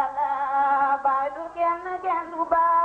ලලා බාලු කැන්න කැඳු බා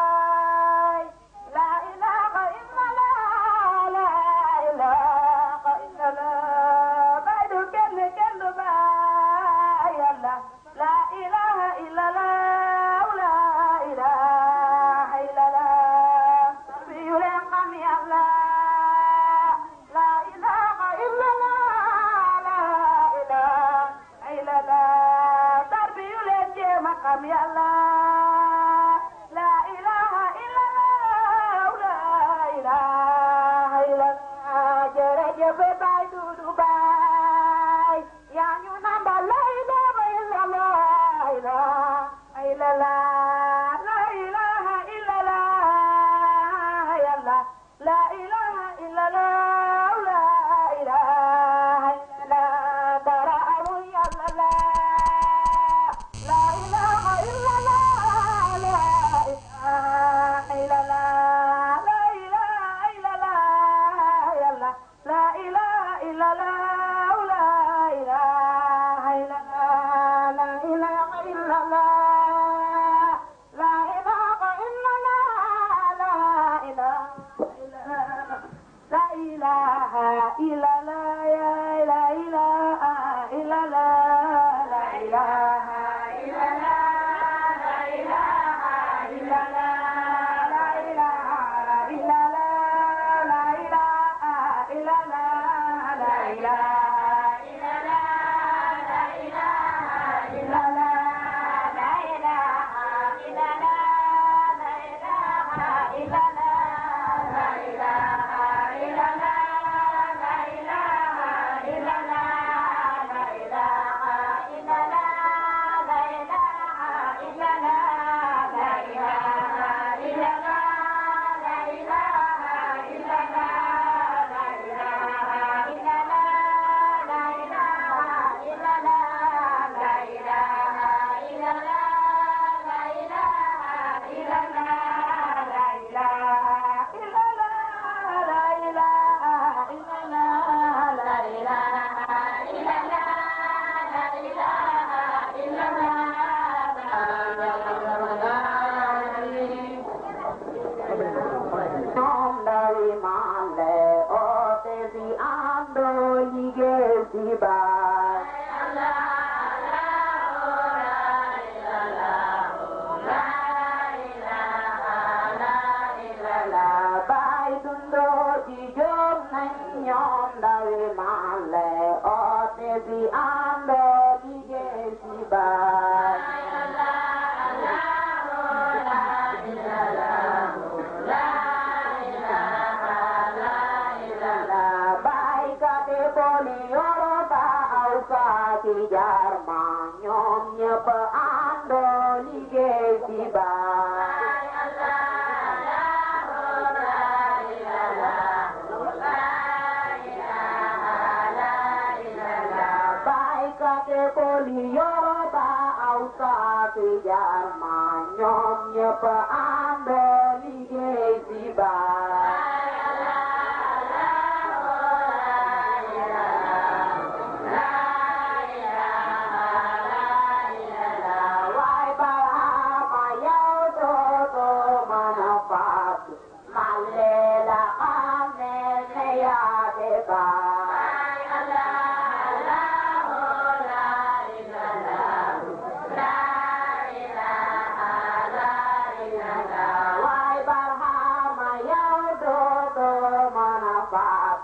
on the lay, or all be on. te poli Yoruba Hausa Pulaar maa ñoom ñëpp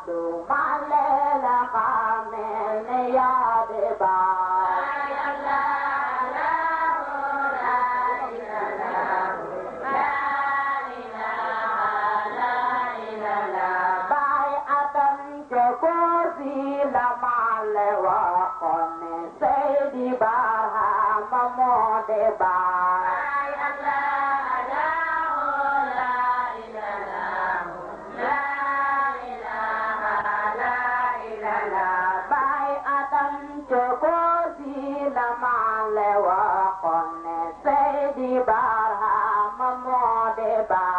Male la kamel ya de ba bye.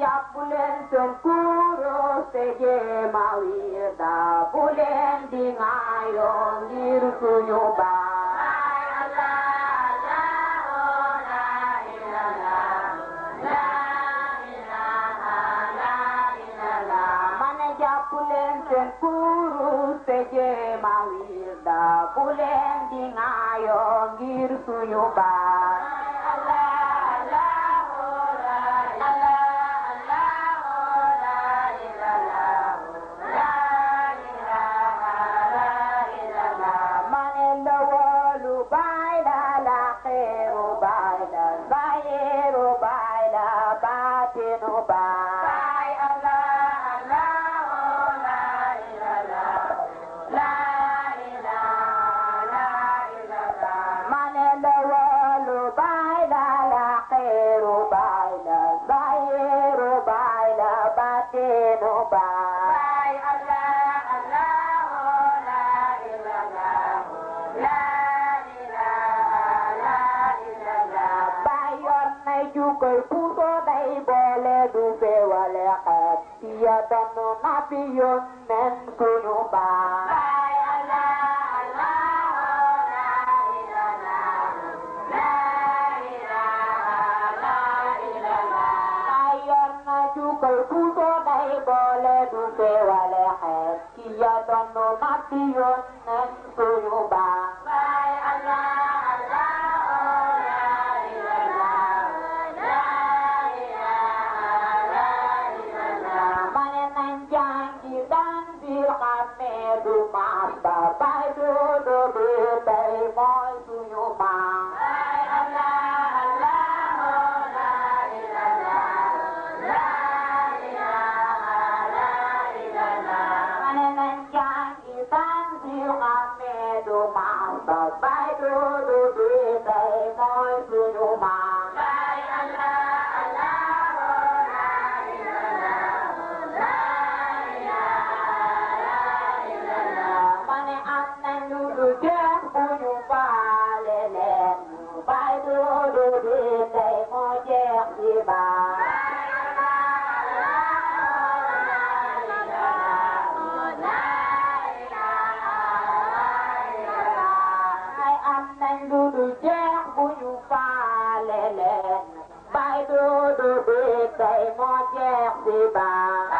jàpp leen seen kuurus te jéema wiir daa bu leen di ŋaayoo ngir suñu baay Allah jéema wiir daa bu leen di ŋaayoo ngir suñu baay Pa yönmen kulüba. Boole du fewale xeet ki ya donnu matti yonne chiêu ăn mê đồ mà sợ bay đô đô đê đầy môi sư đô mà Yes, Eva.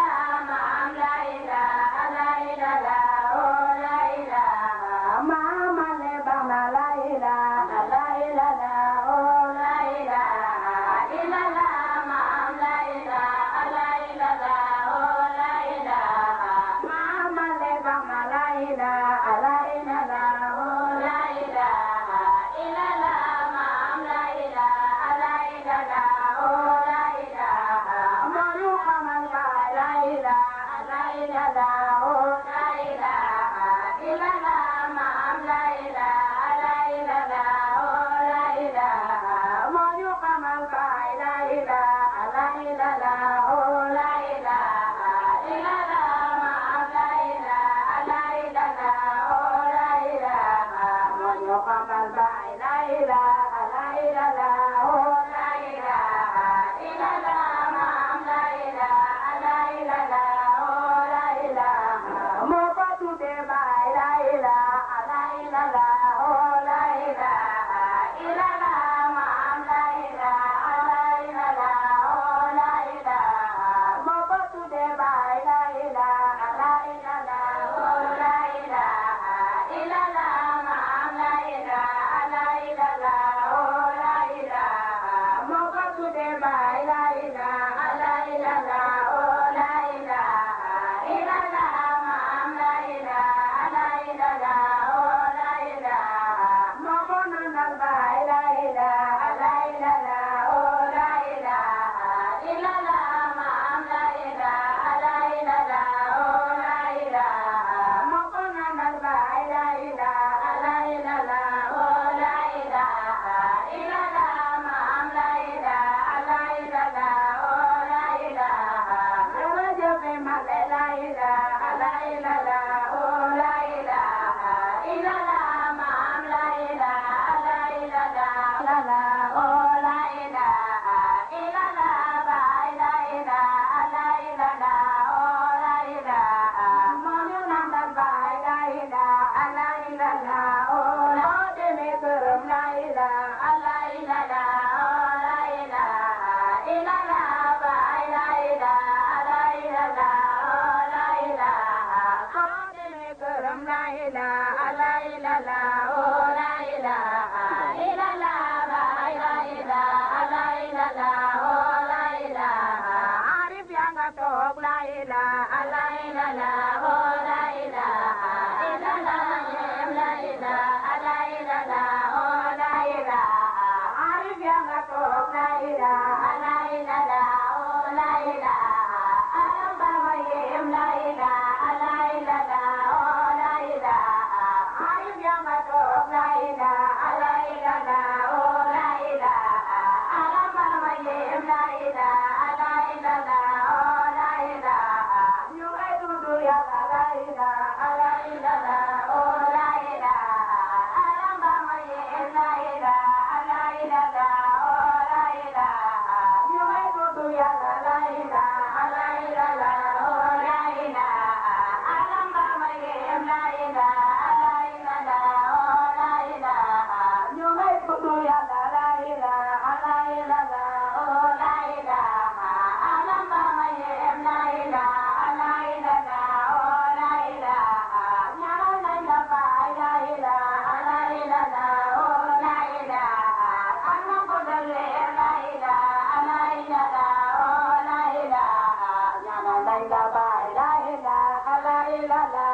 la